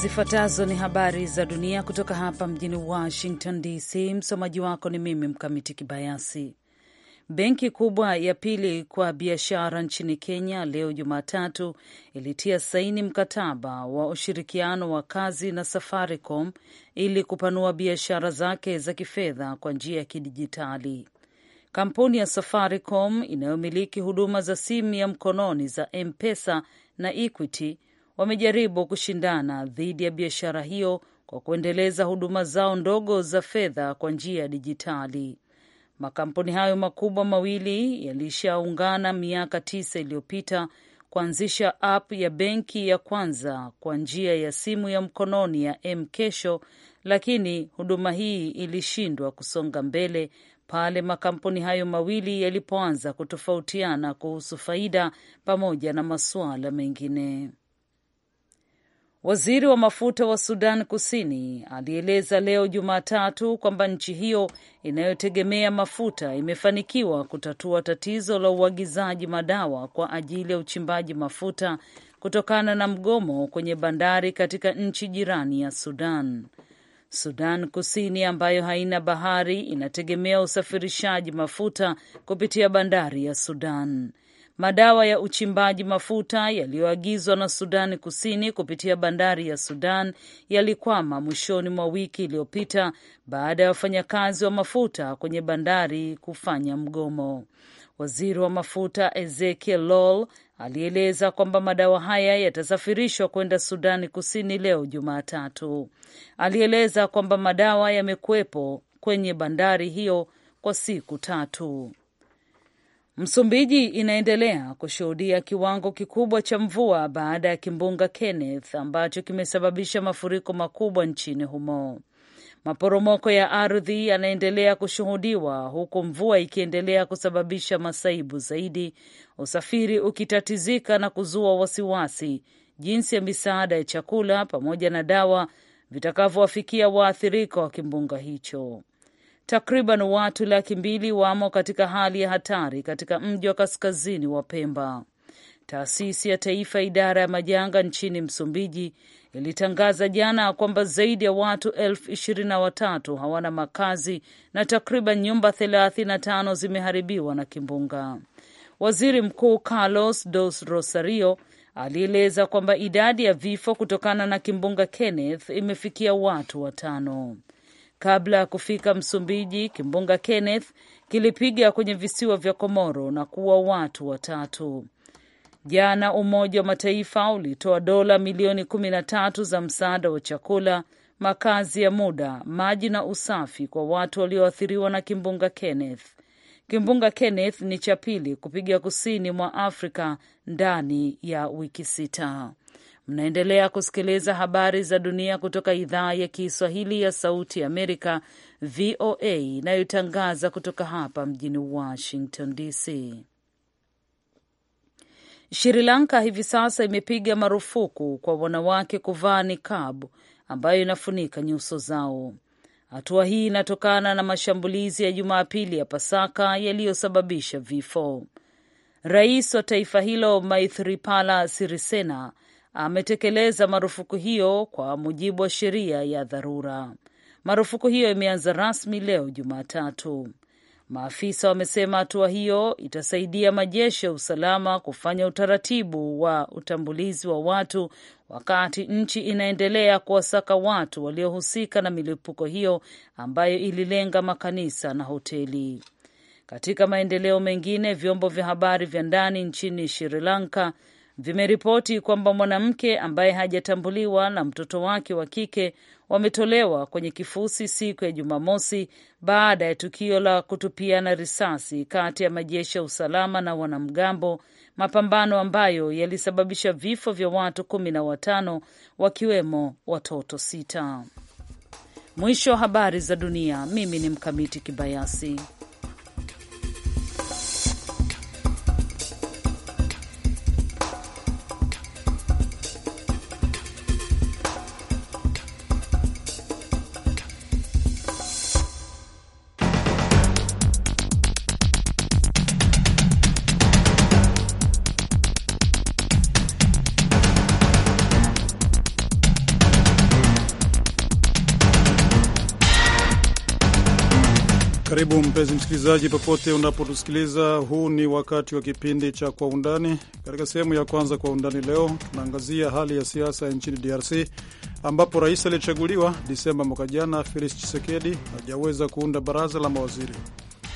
Zifuatazo ni habari za dunia kutoka hapa mjini Washington DC. Msomaji wako ni mimi Mkamiti Kibayasi. Benki kubwa ya pili kwa biashara nchini Kenya leo Jumatatu ilitia saini mkataba wa ushirikiano wa kazi na Safaricom ili kupanua biashara zake za kifedha kwa njia ya kidijitali. Kampuni ya Safaricom inayomiliki huduma za simu ya mkononi za M-Pesa na Equity wamejaribu kushindana dhidi ya biashara hiyo kwa kuendeleza huduma zao ndogo za fedha kwa njia ya dijitali. Makampuni hayo makubwa mawili yalishaungana miaka tisa iliyopita kuanzisha app ya benki ya kwanza kwa njia ya simu ya mkononi ya M-Kesho, lakini huduma hii ilishindwa kusonga mbele pale makampuni hayo mawili yalipoanza kutofautiana kuhusu faida pamoja na masuala mengine. Waziri wa mafuta wa Sudan Kusini alieleza leo Jumatatu kwamba nchi hiyo inayotegemea mafuta imefanikiwa kutatua tatizo la uagizaji madawa kwa ajili ya uchimbaji mafuta kutokana na mgomo kwenye bandari katika nchi jirani ya Sudan. Sudan Kusini ambayo haina bahari inategemea usafirishaji mafuta kupitia bandari ya Sudan. Madawa ya uchimbaji mafuta yaliyoagizwa na Sudani Kusini kupitia bandari ya Sudan yalikwama mwishoni mwa wiki iliyopita baada ya wafanyakazi wa mafuta kwenye bandari kufanya mgomo. Waziri wa mafuta Ezekiel Lol alieleza kwamba madawa haya yatasafirishwa kwenda Sudani Kusini leo Jumatatu. Alieleza kwamba madawa yamekuwepo kwenye bandari hiyo kwa siku tatu. Msumbiji inaendelea kushuhudia kiwango kikubwa cha mvua baada ya kimbunga Kenneth ambacho kimesababisha mafuriko makubwa nchini humo. Maporomoko ya ardhi yanaendelea kushuhudiwa huku mvua ikiendelea kusababisha masaibu zaidi, usafiri ukitatizika na kuzua wasiwasi jinsi ya misaada ya chakula pamoja na dawa vitakavyowafikia waathirika wa kimbunga hicho. Takriban watu laki mbili wamo katika hali ya hatari katika mji wa kaskazini wa Pemba. Taasisi ya Taifa idara ya majanga nchini Msumbiji ilitangaza jana kwamba zaidi ya watu elfu ishirini na watatu hawana makazi na takriban nyumba thelathini na tano zimeharibiwa na kimbunga. Waziri Mkuu Carlos Dos Rosario alieleza kwamba idadi ya vifo kutokana na kimbunga Kenneth imefikia watu watano. Kabla ya kufika Msumbiji, kimbunga Kenneth kilipiga kwenye visiwa vya Komoro na kuua watu watatu. Jana Umoja wa Mataifa ulitoa dola milioni kumi na tatu za msaada wa chakula, makazi ya muda, maji na usafi kwa watu walioathiriwa na kimbunga Kenneth. Kimbunga Kenneth ni cha pili kupiga kusini mwa Afrika ndani ya wiki sita. Mnaendelea kusikiliza habari za dunia kutoka idhaa ya Kiswahili ya Sauti ya Amerika, VOA, inayotangaza kutoka hapa mjini Washington DC. Sri Lanka hivi sasa imepiga marufuku kwa wanawake kuvaa nikabu ambayo inafunika nyuso zao. Hatua hii inatokana na mashambulizi ya Jumapili ya Pasaka yaliyosababisha vifo. Rais wa taifa hilo Maithripala Sirisena ametekeleza marufuku hiyo kwa mujibu wa sheria ya dharura. Marufuku hiyo imeanza rasmi leo Jumatatu. Maafisa wamesema hatua hiyo itasaidia majeshi ya usalama kufanya utaratibu wa utambulizi wa watu wakati nchi inaendelea kuwasaka watu waliohusika na milipuko hiyo ambayo ililenga makanisa na hoteli. Katika maendeleo mengine, vyombo vya habari vya ndani nchini Sri Lanka vimeripoti kwamba mwanamke ambaye hajatambuliwa na mtoto wake wa kike wametolewa kwenye kifusi siku ya Jumamosi baada ya tukio la kutupiana risasi kati ya majeshi ya usalama na wanamgambo, mapambano ambayo yalisababisha vifo vya watu kumi na watano wakiwemo watoto sita. Mwisho wa habari za dunia. Mimi ni Mkamiti Kibayasi. mpenzi msikilizaji, popote unapotusikiliza, huu ni wakati wa kipindi cha Kwa Undani. Katika sehemu ya kwanza Kwa Undani leo tunaangazia hali ya siasa nchini DRC ambapo rais aliyechaguliwa Disemba mwaka jana Felix Tshisekedi hajaweza kuunda baraza la mawaziri,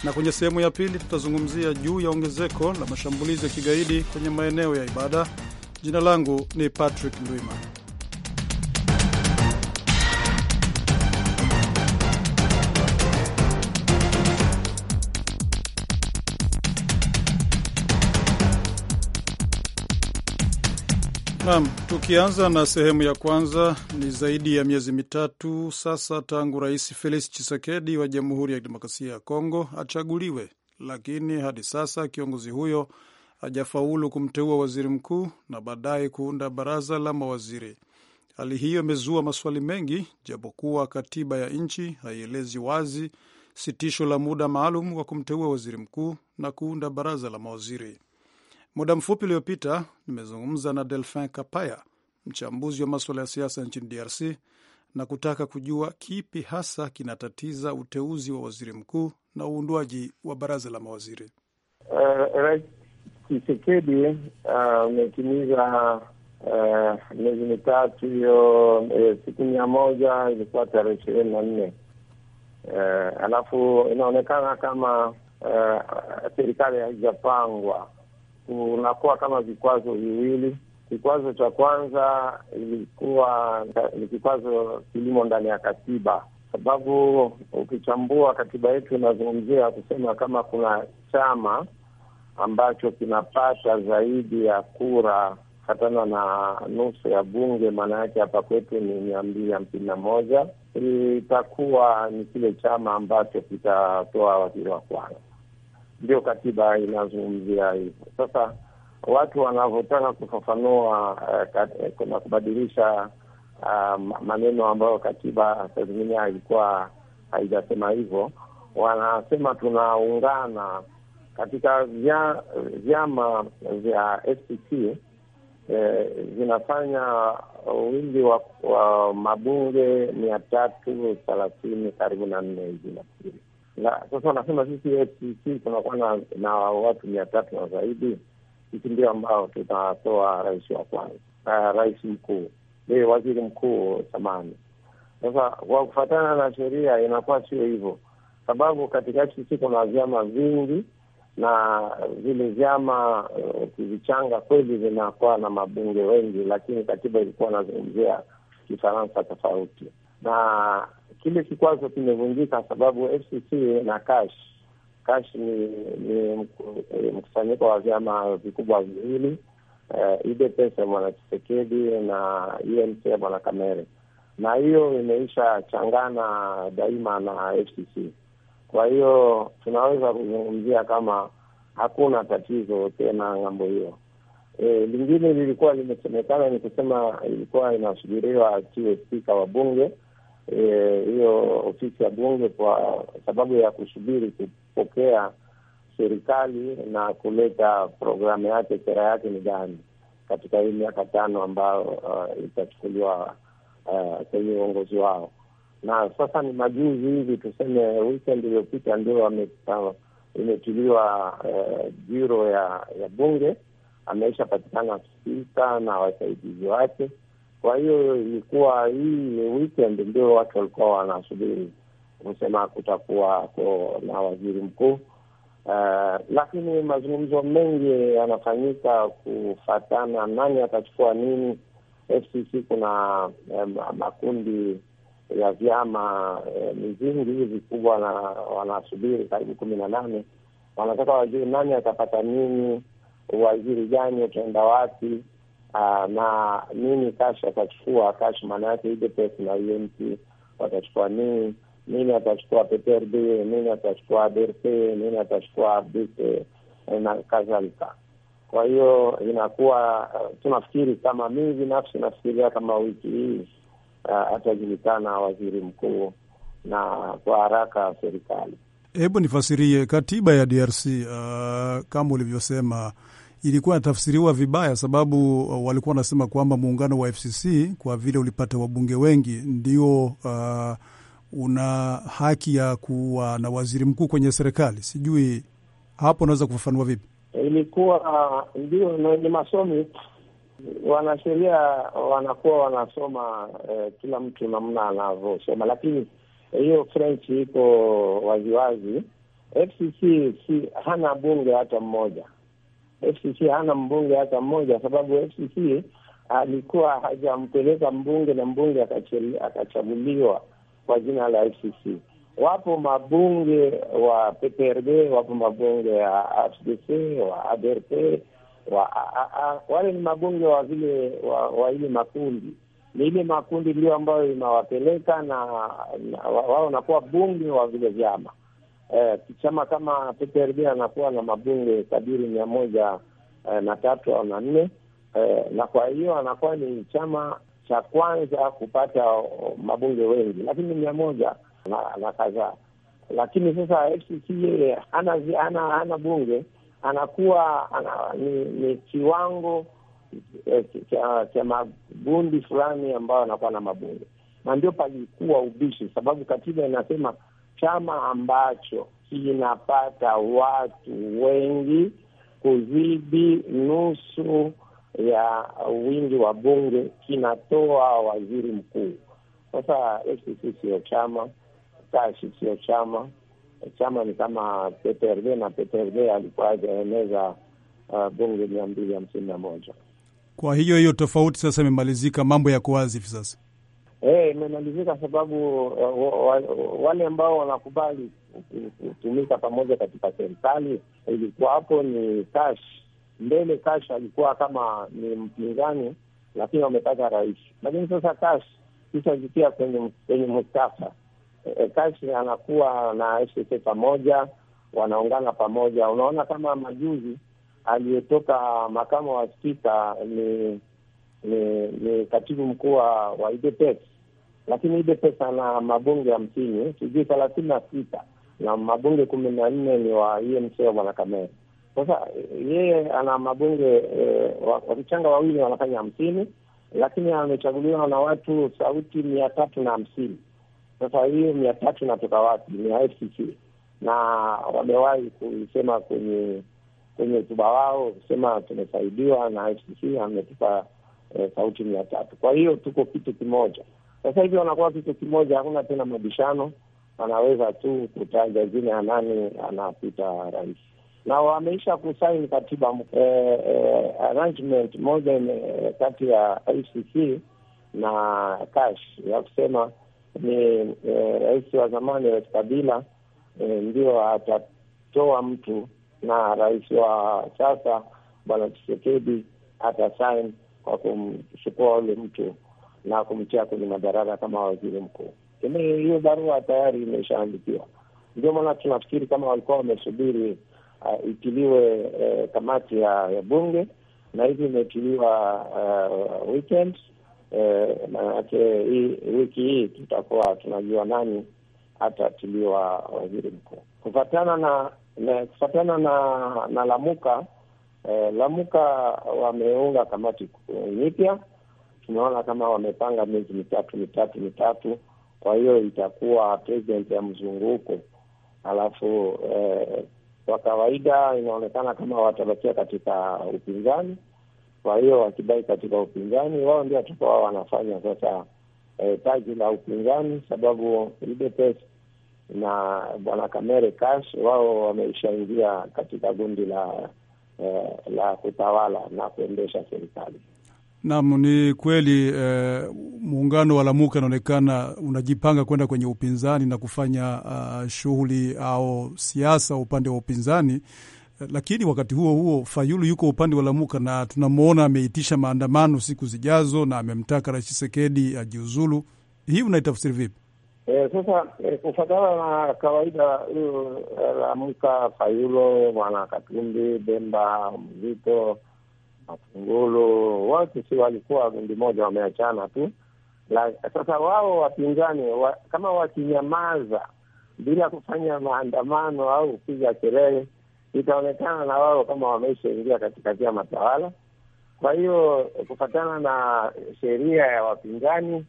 na kwenye sehemu ya pili tutazungumzia juu ya ongezeko la mashambulizi ya kigaidi kwenye maeneo ya ibada. Jina langu ni Patrick Ndwima. Naam, tukianza na sehemu ya kwanza, ni zaidi ya miezi mitatu sasa tangu Rais Felix Tshisekedi wa Jamhuri ya Kidemokrasia ya Kongo achaguliwe, lakini hadi sasa kiongozi huyo hajafaulu kumteua waziri mkuu na baadaye kuunda baraza la mawaziri. Hali hiyo imezua maswali mengi, japokuwa katiba ya nchi haielezi wazi sitisho la muda maalum wa kumteua waziri mkuu na kuunda baraza la mawaziri. Muda mfupi uliopita nimezungumza na Delfin Kapaya, mchambuzi wa maswala ya siasa nchini DRC, na kutaka kujua kipi hasa kinatatiza uteuzi wa waziri mkuu na uundwaji wa baraza la mawaziri. Uh, Rais umetimiza uh, uh, miezi uh, mitatu hiyo uh, siku mia moja ilikuwa tarehe ishirini na nne. Uh, alafu inaonekana kama uh, serikali haijapangwa kunakuwa kama vikwazo viwili. Kikwazo cha kwanza ilikuwa ni kikwazo kilimo ndani ya katiba, sababu ukichambua katiba yetu inazungumzia kusema kama kuna chama ambacho kinapata zaidi ya kura fatana na nusu ya bunge, maana yake hapa kwetu ni mia mbili hamsini na moja itakuwa ni kile chama ambacho kitatoa waziri wa kwanza ndio katiba inazungumzia hivyo. Sasa watu wanavyotaka kufafanua uh, eh, eh, na kubadilisha uh, maneno ambayo katiba saa zingine haijasema hivyo, wanasema tunaungana katika vya, vyama vya eh, vinafanya eh, wingi wa, wa mabunge mia tatu thelathini karibu na nne hivi nafikiri na sasa wanasema sisi FCC tunakuwa na, na watu mia tatu na zaidi. Sisi ndio ambao tutatoa rais wa kwanza, uh, rais mkuu ni eh, waziri mkuu samani. Sasa kwa kufatana na sheria inakuwa sio hivyo, sababu katika FCC kuna vyama vingi na vile vyama eh, ukivichanga, uh, kweli vinakuwa na mabunge wengi, lakini katiba ilikuwa anazungumzia Kifaransa tofauti na kile kikwazo kimevunjika sababu FCC na Kash, Kash ni, ni mkusanyiko wa vyama vikubwa viwili uh, eh, UDPS ya Bwana Chisekedi na UNC e ya Bwana Kamere, na hiyo imeisha changana daima na FCC. Kwa hiyo tunaweza kuzungumzia kama hakuna tatizo tena ng'ambo hiyo. E, lingine lilikuwa limesemekana ni kusema ilikuwa inasubiriwa akiwe spika wa bunge E, hiyo e, ofisi ya bunge kwa sababu ya kusubiri kupokea serikali na kuleta programu yake, sera yake ni gani katika hii miaka tano ambayo uh, itachukuliwa uh, kwenye uongozi wao. Na sasa ni majuzi hivi, tuseme weekend iliyopita, ndio imetiliwa uh, biro uh, ya, ya bunge ameisha patikana spika na wasaidizi wake kwa hiyo ilikuwa hii weekend ndio watu walikuwa wanasubiri kusema kutakuwa na waziri mkuu uh, lakini mazungumzo mengi yanafanyika kufatana nani atachukua nini. FCC kuna um, makundi ya vyama um, mizingi hivi vikubwa wanasubiri karibu kumi na nane wanataka wajue nani atapata nini, uwaziri gani utaenda wapi. Ah, na nini Kash atachukua Kash, maana yake ile pesa na UNC watachukua nini nini, atachukua PTRB nini, atachukua DRC nini, atachukua AFDC na kadhalika. Kwa hiyo inakuwa uh, tunafikiri kama, mimi binafsi nafikiria kama wiki hii uh, atajulikana waziri mkuu na kwa haraka serikali. Hebu nifasirie katiba ya DRC uh, kama ulivyosema ilikuwa inatafsiriwa vibaya, sababu uh, walikuwa wanasema kwamba muungano wa FCC kwa vile ulipata wabunge wengi ndio uh, una haki ya kuwa na waziri mkuu kwenye serikali. Sijui hapo unaweza kufafanua vipi? Ilikuwa uh, ndio ni masomi wanasheria wanakuwa wanasoma eh, kila mtu namna anavyosoma, lakini hiyo French iko waziwazi. FCC si hana bunge hata mmoja FCC hana mbunge hata mmoja, sababu FCC alikuwa hajampeleka mbunge na mbunge akachaguliwa kwa jina la FCC. Wapo mabunge wa PPRD, wapo mabunge ya AFDC, wa ADRP, wa AAA. Wale ni mabunge wa vile wa, wa ile makundi ni ile makundi ndio ambayo inawapeleka na, na wao wanakuwa bunge wa vile vyama eh, chama kama PPRD anakuwa na mabunge kadiri mia moja eh, na tatu au na nne eh, na kwa hiyo anakuwa ni chama cha kwanza kupata mabunge wengi, lakini mia moja na, na kadhaa. Lakini sasa FCC yeye ana, ana, ana bunge anakuwa ana, ni, ni kiwango eh, ah, cha magundi fulani ambayo anakuwa na mabunge, na ndio palikuwa ubishi, sababu katiba inasema chama ambacho kinapata watu wengi kuzidi nusu ya wingi wa bunge kinatoa waziri mkuu. Sasa FCC siyo chama, Kashi siyo chama. Chama ni kama PPRD na PPRD alikuwa ajaeneza uh, bunge mia mbili hamsini na moja. Kwa hiyo hiyo tofauti sasa imemalizika, mambo ya kuwazi hivi sasa. Eh, imemalizika hey, sababu eh, wale ambao wanakubali kutumika pamoja katika serikali ilikuwa hapo ni Kash. Mbele Kash alikuwa kama ni mpinzani, lakini wamepata rais. Lakini sasa Kash kishajikia kwenye kwenye mustafa e, eh, Kash anakuwa na SSA pamoja, wanaungana pamoja. Unaona kama majuzi aliyetoka makamo wa spika ni ni, ni katibu mkuu wa IDPs lakini ile pesa na mabunge hamsini sijui thelathini na sita na mabunge kumi na nne ni wa e mseo bwana Kamere. Sasa yeye ana mabunge e, eh, wakichanga wawili wanafanya hamsini, lakini amechaguliwa na watu sauti mia tatu na hamsini. Sasa hiyo mia tatu natoka wapi? Ni ya FCC na wamewahi kusema kwenye kwenye utuba wao kusema tumesaidiwa na FCC ametupa e, sauti mia tatu. Kwa hiyo tuko kitu kimoja sasa hivi wanakuwa kitu kimoja, hakuna tena mabishano, anaweza tu kutaja zile anani anapita rais na wameisha kusaini katiba eh, eh, arrangement moja eh, kati ya ICC na Kash ya kusema ni eh, rais wa zamani Rais Kabila eh, ndio atatoa mtu na rais wa sasa Bwana Tshisekedi atasaini kwa kumchukua ule mtu na kumtia kwenye madaraka kama waziri mkuu. Lakini hiyo barua tayari imeshaandikiwa, ndio maana tunafikiri kama walikuwa wamesubiri uh, itiliwe uh, kamati ya, ya bunge na hivi imetiliwa uh, weekend uh, manake wiki hii tutakuwa tunajua nani atatiliwa waziri mkuu kufatana na, na kufatana na na Lamuka eh, Lamuka wameunga kamati nyipya uh, tunaona kama wamepanga miezi mitatu mitatu mitatu, kwa hiyo itakuwa president ya mzunguko. Alafu eh, kwa kawaida inaonekana kama watabakia katika upinzani. Kwa hiyo wakibaki katika upinzani, wao ndio watakuwa wanafanya sasa eh, taji la upinzani, sababu UDPS na bwana Kamere Kash wao wameishaingia katika gundi la eh, la kutawala na kuendesha serikali. Naam, ni kweli eh, muungano wa Lamuka inaonekana unajipanga kwenda kwenye upinzani na kufanya uh, shughuli au siasa upande wa upinzani lakini wakati huo huo Fayulu yuko upande wa Lamuka na tunamwona ameitisha maandamano siku zijazo na amemtaka Rais Chisekedi ajiuzulu. Hii unaitafsiri vipi? E, sasa e, kufatana na kawaida huyu eh, Lamuka, Fayulo, Mwana Katumbi, Bemba, Mzito mafungulu wote si walikuwa gundi moja, wameachana tu. Sasa wao wapinzani wa, kama wakinyamaza bila kufanya maandamano au kupiga kelele, itaonekana na wao kama ingia katika vyama tawala. Kwa hiyo kufatana na sheria ya wapinzani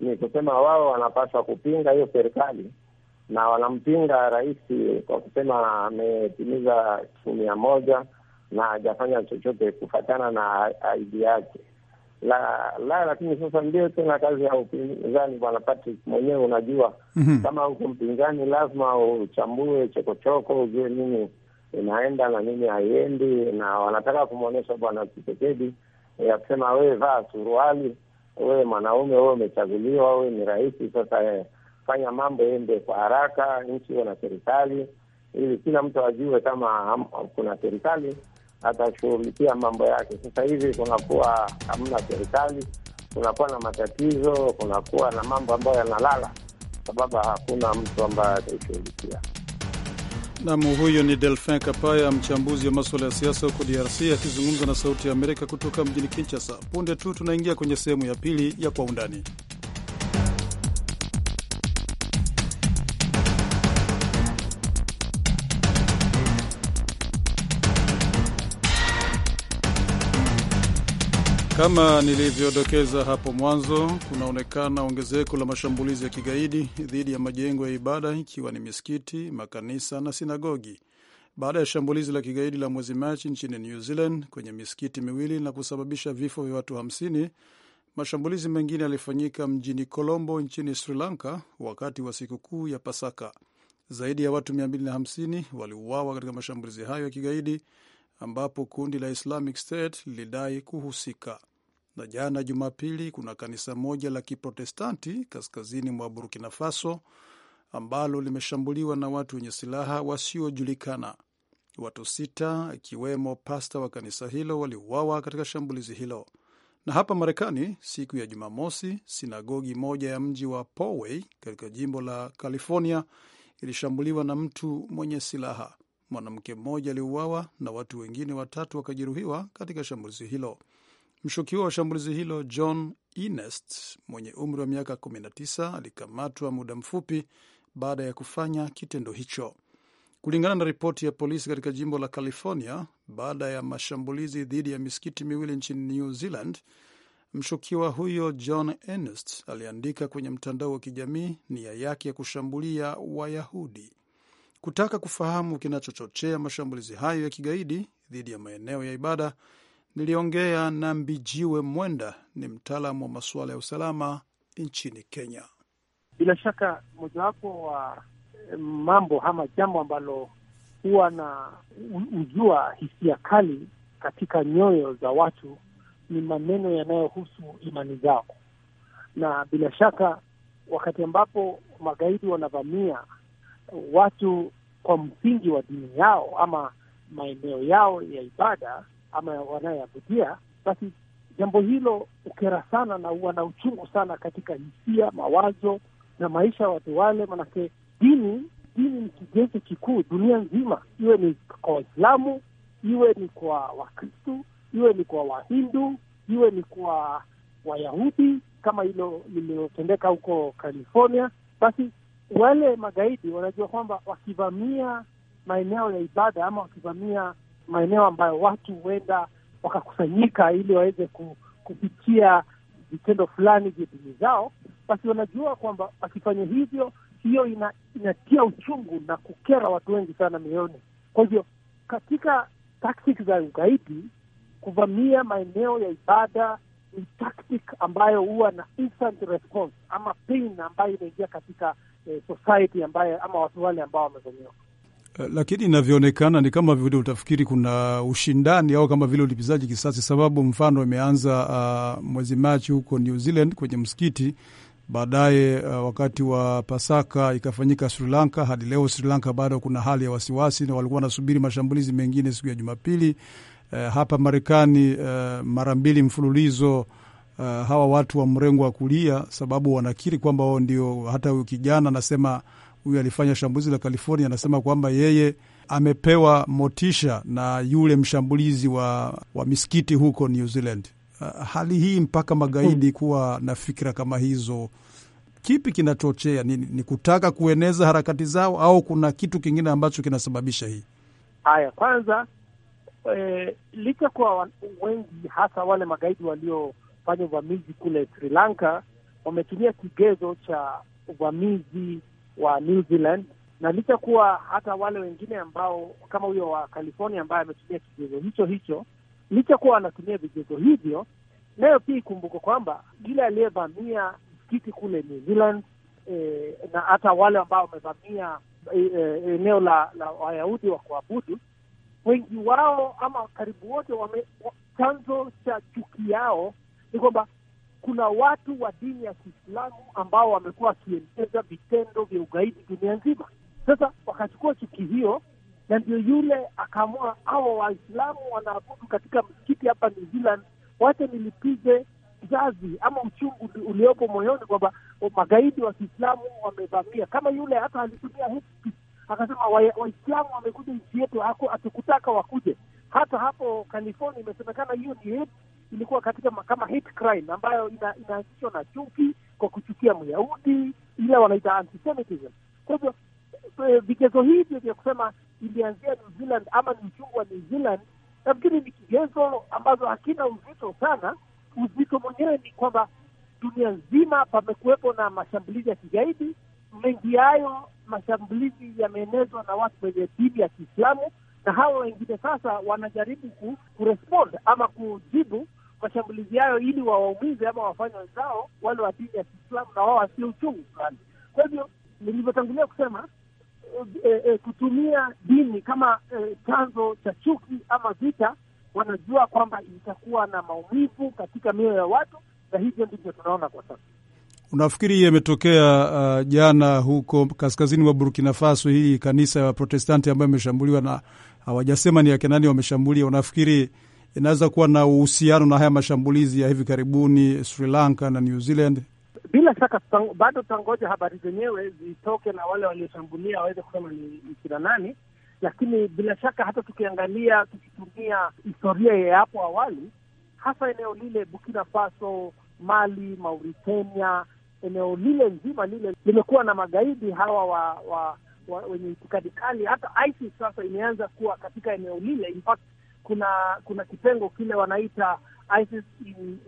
ni kusema wao wanapaswa kupinga hiyo serikali, na wanampinga rais kwa kusema ametimiza siku mia moja na hajafanya chochote kufatana na aidi yake la la. Lakini sasa ndio tena kazi ya upinzani, bwana Patrick mwenyewe unajua mm -hmm. Kama huko mpinzani lazima uchambue chokochoko, ujue nini inaenda na nini haiendi, na wanataka kumwonyesha bwana Tshisekedi ya kusema wewe vaa suruali, wewe mwanaume, wewe umechaguliwa, wewe ni rais, sasa eh, fanya mambo ende kwa haraka, nchi iwe na serikali, ili kila mtu ajue kama kuna serikali atashughulikia mambo yake. Sasa hivi kunakuwa hamna serikali, kunakuwa na matatizo, kunakuwa na mambo ambayo yanalala, sababu hakuna mtu ambaye atashughulikia Nam, huyo ni Delfin Kapaya, mchambuzi wa maswala ya siasa huko DRC akizungumza na Sauti ya Amerika kutoka mjini Kinshasa. Punde tu tunaingia kwenye sehemu ya pili ya Kwa Undani. Kama nilivyodokeza hapo mwanzo, kunaonekana ongezeko la mashambulizi ya kigaidi dhidi ya majengo ya ibada ikiwa ni misikiti, makanisa na sinagogi baada ya shambulizi la kigaidi la mwezi Machi nchini New Zealand kwenye misikiti miwili na kusababisha vifo vya watu 50. Mashambulizi mengine yalifanyika mjini Colombo nchini Sri Lanka wakati wa sikukuu ya Pasaka. Zaidi ya watu 250 waliuawa katika mashambulizi hayo ya kigaidi ambapo kundi la Islamic State lilidai kuhusika. Na jana Jumapili, kuna kanisa moja la Kiprotestanti kaskazini mwa Burkina Faso ambalo limeshambuliwa na watu wenye silaha wasiojulikana. Watu sita akiwemo pasta wa kanisa hilo waliuawa katika shambulizi hilo. Na hapa Marekani siku ya Jumamosi, sinagogi moja ya mji wa Poway katika jimbo la California ilishambuliwa na mtu mwenye silaha mwanamke mmoja aliuawa na watu wengine watatu wakajeruhiwa katika shambulizi hilo. Mshukiwa wa shambulizi hilo John Ernest mwenye umri wa miaka 19 alikamatwa muda mfupi baada ya kufanya kitendo hicho, kulingana na ripoti ya polisi katika jimbo la California. Baada ya mashambulizi dhidi ya misikiti miwili nchini New Zealand, mshukiwa huyo John Ernest aliandika kwenye mtandao wa kijamii nia yake ya kushambulia Wayahudi kutaka kufahamu kinachochochea mashambulizi hayo ya kigaidi dhidi ya maeneo ya ibada, niliongea na Mbijiwe Mwenda, ni mtaalamu wa masuala ya usalama nchini Kenya. Bila shaka mojawapo wa eh, mambo ama jambo ambalo huwa na ujua hisia kali katika nyoyo za watu ni maneno yanayohusu imani zao, na bila shaka wakati ambapo magaidi wanavamia watu kwa msingi wa dini yao ama maeneo yao ya ibada ama wanayoabudia, basi jambo hilo ukera sana na na uchungu sana katika hisia, mawazo na maisha ya watu wale, manake dini dini ni kigezo kikuu dunia nzima, iwe ni kwa Waislamu, iwe ni kwa Wakristu, iwe ni kwa Wahindu, iwe ni kwa Wayahudi kama hilo lililotendeka huko California. Basi wale magaidi wanajua kwamba wakivamia maeneo ya ibada ama wakivamia maeneo ambayo watu huenda wakakusanyika ili waweze kupitia vitendo fulani vya dini zao, basi wanajua kwamba wakifanya hivyo, hiyo ina, inatia uchungu na kukera watu wengi sana mioyoni. Kwa hivyo katika tactic za ugaidi, kuvamia maeneo ya ibada ni tactic ambayo huwa na instant response ama pain ambayo inaingia katika eh, society ambaye ama watu wale ambao wamezonyewa. Eh, lakini inavyoonekana ni kama vile utafikiri kuna ushindani au kama vile ulipizaji kisasi, sababu mfano imeanza uh, mwezi Machi huko New Zealand kwenye msikiti baadaye uh, wakati wa Pasaka ikafanyika Sri Lanka. Hadi leo Sri Lanka bado kuna hali ya wasiwasi, na walikuwa wanasubiri mashambulizi mengine siku ya Jumapili. Uh, hapa Marekani uh, mara mbili mfululizo uh, hawa watu wa mrengo wa kulia, sababu wanakiri kwamba wao ndio. Hata huyu kijana anasema, huyu alifanya shambulizi la California, anasema kwamba yeye amepewa motisha na yule mshambulizi wa, wa misikiti huko New Zealand. Uh, hali hii mpaka magaidi hmm. kuwa na fikira kama hizo, kipi kinachochea? Ni, ni kutaka kueneza harakati zao au kuna kitu kingine ambacho kinasababisha hii? Haya, kwanza e, licha kuwa wengi hasa wale magaidi walio kufanya uvamizi kule Sri Lanka, wametumia kigezo cha uvamizi wa New Zealand, na licha kuwa hata wale wengine ambao kama huyo wa California ambaye ametumia kigezo hicho hicho, licha kuwa wanatumia vigezo hivyo, nayo pia ikumbuke kwamba yule aliyevamia msikiti kule New Zealand e, na hata wale ambao wamevamia eneo eh, e, eh, eneo la, la Wayahudi wa kuabudu, wengi wao ama karibu wote wame chanzo cha chuki yao ni kwamba kuna watu wa dini ya Kiislamu ambao wamekuwa wakiendeza vitendo vya ugaidi dunia nzima. Sasa wakachukua chuki hiyo, na ndio yule akaamua hawa Waislamu wanaabudu katika msikiti hapa New Zealand, wacha nilipize kizazi ama uchungu uliopo moyoni kwamba magaidi wa Kiislamu wamevamia. Kama yule hata alitumia akasema, Waislamu wamekuja nchi yetu, hatukutaka wakuje. Hata hapo California imesemekana hiyo ni ilikuwa katika kama hate crime ambayo inaanzishwa na chuki kwa kuchukia Myahudi, ila wanaita antisemitism. Kwa hivyo eh, vigezo hivyo vya kusema ilianzia New Zealand ama ni uchungu wa New Zealand, nafikiri ni kigezo ambazo hakina uzito sana. Uzito mwenyewe ni kwamba dunia nzima pamekuwepo na mashambulizi ya kigaidi mengi yayo mashambulizi yameenezwa na watu wenye dini ya Kiislamu, na hawa wengine sasa wanajaribu kurespond ama kujibu mashambulizi hayo ili wawaumize ama wafanye wenzao wale wa dini ya Kiislamu na wao wasio uchungu fulani. Kwa hivyo nilivyotangulia kusema e, e, kutumia dini kama e, chanzo cha chuki ama vita, wanajua kwamba itakuwa na maumivu katika mioyo ya watu, na hivyo ndivyo tunaona kwa sasa. Unafikiri hii imetokea uh, jana huko kaskazini mwa Burkina Faso, hii kanisa ya Waprotestanti ambayo imeshambuliwa na hawajasema ni akina nani wameshambulia? Unafikiri inaweza kuwa na uhusiano na haya mashambulizi ya hivi karibuni Sri Lanka na New Zealand? Bila shaka tang, bado tutangoja habari zenyewe zitoke na wale walioshambulia waweze kusema ni, ni kina nani, lakini bila shaka hata tukiangalia tukitumia historia ya hapo awali, hasa eneo lile Burkina Faso, Mali, Mauritania, eneo lile nzima lile limekuwa na magaidi hawa wa, wa, wa wenye itikadi kali. Hata ISIS sasa imeanza kuwa katika eneo lile. In fact kuna kuna kitengo kile wanaita ISIS in, in,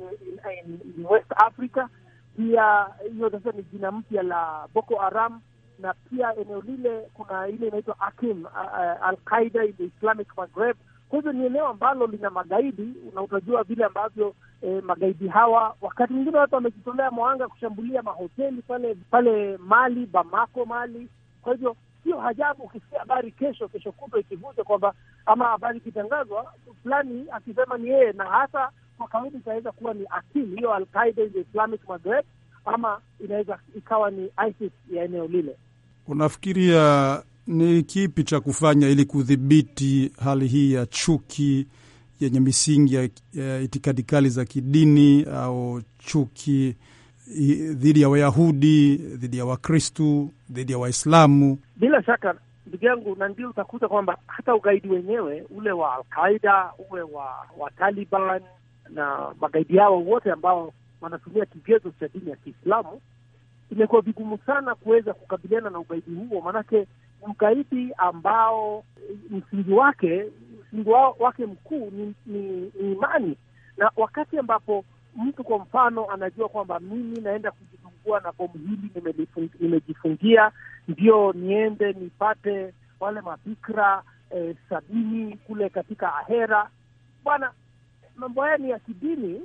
in, in West Africa. Pia hiyo sasa ni jina mpya la Boko Haram, na pia eneo lile kuna ile inaitwa Akim uh, Al-Qaida in the Islamic Maghreb. Kwa hivyo ni eneo ambalo lina magaidi na utajua vile ambavyo eh, magaidi hawa wakati mwingine watu wamejitolea mwanga kushambulia mahoteli pale pale Mali, Bamako Mali. Kwa hivyo sio hajabu ukisikia habari kesho kesho kutwa ikivuja kwamba ama habari ikitangazwa fulani akisema ni yeye, na hasa kwa kawaida itaweza kuwa ni akili hiyo Alqaida Islamic Maghreb ama inaweza ikawa ni ISIS ya eneo lile. Unafikiria ni kipi cha kufanya ili kudhibiti hali hii ya chuki yenye misingi ya, ya itikadi kali za kidini au chuki dhidi ya Wayahudi, dhidi ya Wakristu, dhidi ya Waislamu. Bila shaka ndugu yangu, na ndio utakuta kwamba hata ugaidi wenyewe ule wa Alqaida uwe wa, wa Taliban na magaidi yao wote ambao wanatumia kigezo cha dini ya Kiislamu, imekuwa vigumu sana kuweza kukabiliana na ugaidi huo, maanake ni ugaidi ambao msingi wake msingi wake mkuu ni, ni, ni imani na wakati ambapo mtu kwa mfano anajua kwamba mimi naenda kujifungua na bomu hili nimejifungia, ndio niende nipate wale mabikra eh, sabini kule katika ahera. Bwana, mambo haya ni ya kidini,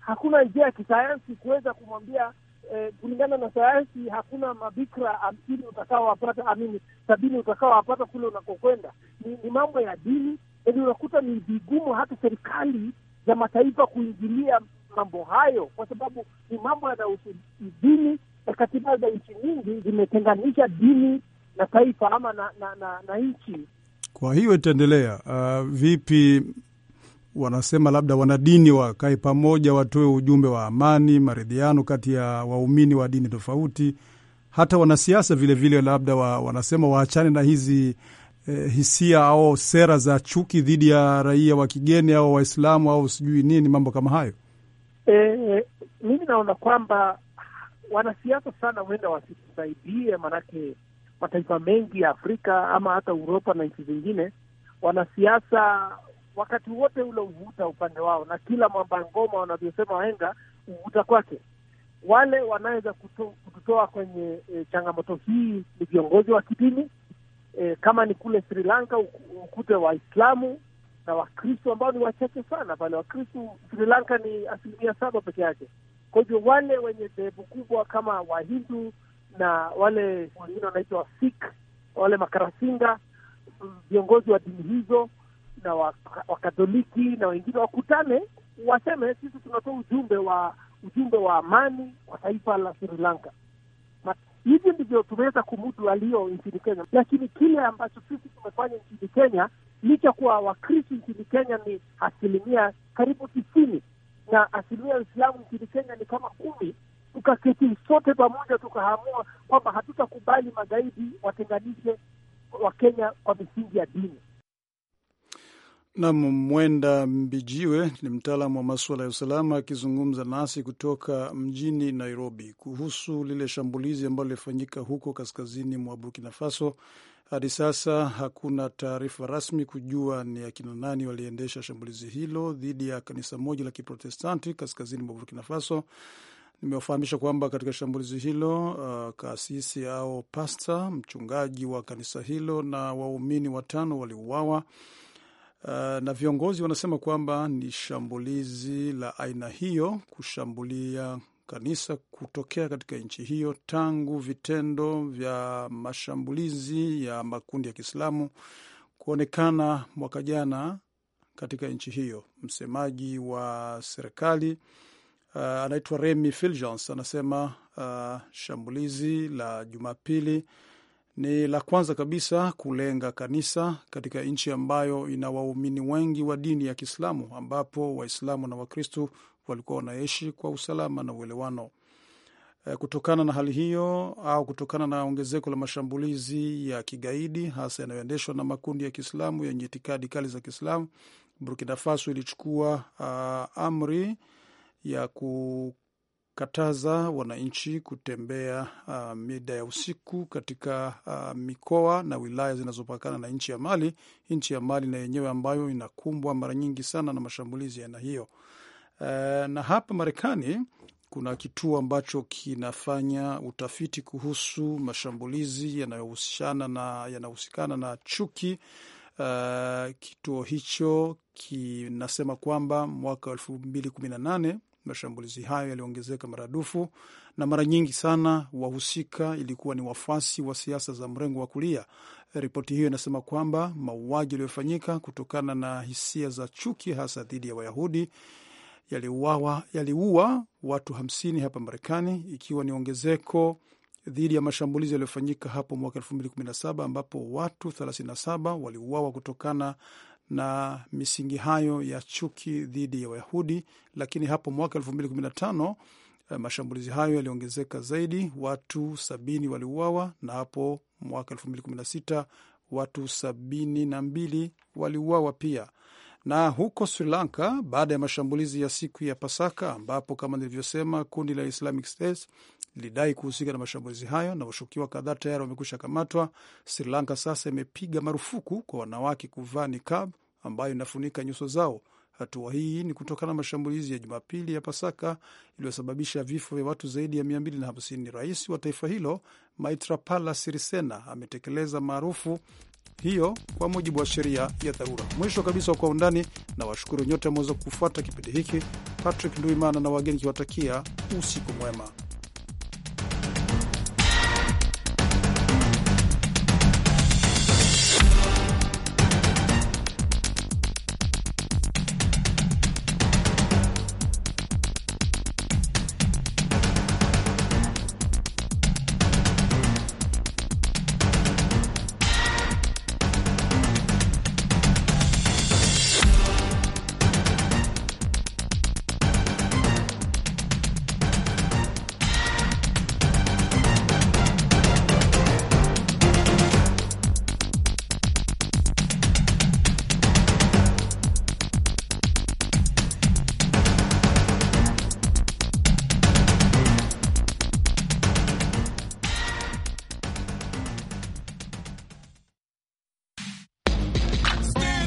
hakuna njia ya kisayansi kuweza kumwambia eh, kulingana na sayansi hakuna mabikra hamsini utakaowapata amini sabini utakaowapata kule unakokwenda. Ni, ni mambo ya dini, yaani unakuta ni vigumu hata serikali za mataifa kuingilia mambo hayo, kwa sababu ni mambo yanayohusu dini, na katiba za nchi nyingi zimetenganisha dini na taifa ama na, na, na, na nchi. Kwa hiyo itaendelea uh, vipi? Wanasema labda wanadini wakae pamoja, watoe ujumbe wa amani, maridhiano kati ya waumini wa dini tofauti. Hata wanasiasa vilevile labda wa, wanasema waachane na hizi eh, hisia au sera za chuki dhidi ya raia wa kigeni au Waislamu au sijui nini, mambo kama hayo. E, mimi naona kwamba wanasiasa sana huenda wasitusaidie, maanake mataifa mengi ya Afrika ama hata Uropa na nchi zingine, wanasiasa wakati wote ule huvuta upande wao, na kila mwamba ngoma wanavyosema wahenga huvuta kwake. Wale wanaweza kututoa kwenye e, changamoto hii ni viongozi wa kidini e, kama ni kule Sri Lanka ukute Waislamu na Wakristo ambao ni wachache sana pale. Wakristo Sri Lanka ni asilimia saba peke yake. Kwa hivyo wale wenye dhehebu kubwa kama Wahindu na wale wengine wanaitwa Sikh, wale makarasinga, mm, viongozi wa dini hizo na Wakatholiki na wengine wakutane, waseme sisi tunatoa ujumbe wa ujumbe wa amani kwa taifa la Sri Lanka. Hivi ndivyo tumeweza kumudu walio nchini Kenya, lakini kile ambacho sisi tumefanya nchini Kenya licha kuwa Wakristo nchini Kenya ni asilimia karibu tisini na asilimia ya Uislamu nchini Kenya ni kama kumi, tukaketi sote pamoja tukahamua kwamba hatutakubali magaidi watenganishe Wakenya kwa misingi ya dini. Nam Mwenda Mbijiwe ni mtaalamu wa masuala ya usalama akizungumza nasi kutoka mjini Nairobi kuhusu lile shambulizi ambalo lilifanyika huko kaskazini mwa Burkina Faso hadi sasa hakuna taarifa rasmi kujua ni akina nani waliendesha shambulizi hilo dhidi ya kanisa moja la Kiprotestanti kaskazini mwa Burkina Faso. Nimewafahamisha kwamba katika shambulizi hilo uh, kasisi au pasta, mchungaji wa kanisa hilo na waumini watano waliuawa. Uh, na viongozi wanasema kwamba ni shambulizi la aina hiyo kushambulia kanisa kutokea katika nchi hiyo tangu vitendo vya mashambulizi ya makundi ya Kiislamu kuonekana mwaka jana katika nchi hiyo. Msemaji wa serikali uh, anaitwa Remy Filgence anasema uh, shambulizi la Jumapili ni la kwanza kabisa kulenga kanisa katika nchi ambayo ina waumini wengi wa dini ya Kiislamu ambapo Waislamu na Wakristu walikuwa wanaishi kwa usalama na uelewano. Eh, kutokana na hali hiyo au kutokana na ongezeko la mashambulizi ya kigaidi hasa yanayoendeshwa na makundi ya Kiislamu yenye itikadi kali za Kiislamu, Burkina Faso ilichukua uh, amri ya kukataza wananchi kutembea uh, mida ya usiku katika uh, mikoa na wilaya zinazopakana na nchi ya Mali, nchi ya Mali na yenyewe ambayo inakumbwa mara nyingi sana na mashambulizi ya aina hiyo. Eh, na hapa Marekani kuna kituo ambacho kinafanya utafiti kuhusu mashambulizi yanayohusiana na yanahusikana na chuki. Uh, kituo hicho kinasema kwamba mwaka wa elfu mbili kumi na nane mashambulizi hayo yaliongezeka maradufu na mara nyingi sana wahusika ilikuwa ni wafuasi wa siasa za mrengo wa kulia. Ripoti hiyo inasema kwamba mauaji yaliyofanyika kutokana na hisia za chuki hasa dhidi ya Wayahudi yaliua watu hamsini hapa Marekani, ikiwa ni ongezeko dhidi ya mashambulizi yaliyofanyika hapo mwaka saba ambapo watu saba waliuawa kutokana na misingi hayo ya chuki dhidi ya Wayahudi. Lakini hapo mwaka tano eh, mashambulizi hayo yaliongezeka zaidi, watu sabini waliuawa, na hapo mwaka sita watu sabini na mbili waliuawa pia. Na huko Sri Lanka, baada ya mashambulizi ya siku ya Pasaka ambapo kama nilivyosema kundi la Islamic State lilidai kuhusika na mashambulizi hayo na washukiwa kadhaa tayari wamekusha kamatwa, Sri Lanka sasa imepiga marufuku kwa wanawake kuvaa nikab ambayo inafunika nyuso zao. Hatua hii ni kutokana na mashambulizi ya Jumapili ya Pasaka iliyosababisha vifo vya watu zaidi ya 250. Rais wa taifa hilo Maitrapala Sirisena ametekeleza maarufu hiyo kwa mujibu wa sheria ya dharura. Mwisho kabisa wa Kwa Undani, na washukuru nyote ameweza kufuata kipindi hiki. Patrick Nduimana na wageni kiwatakia usiku mwema.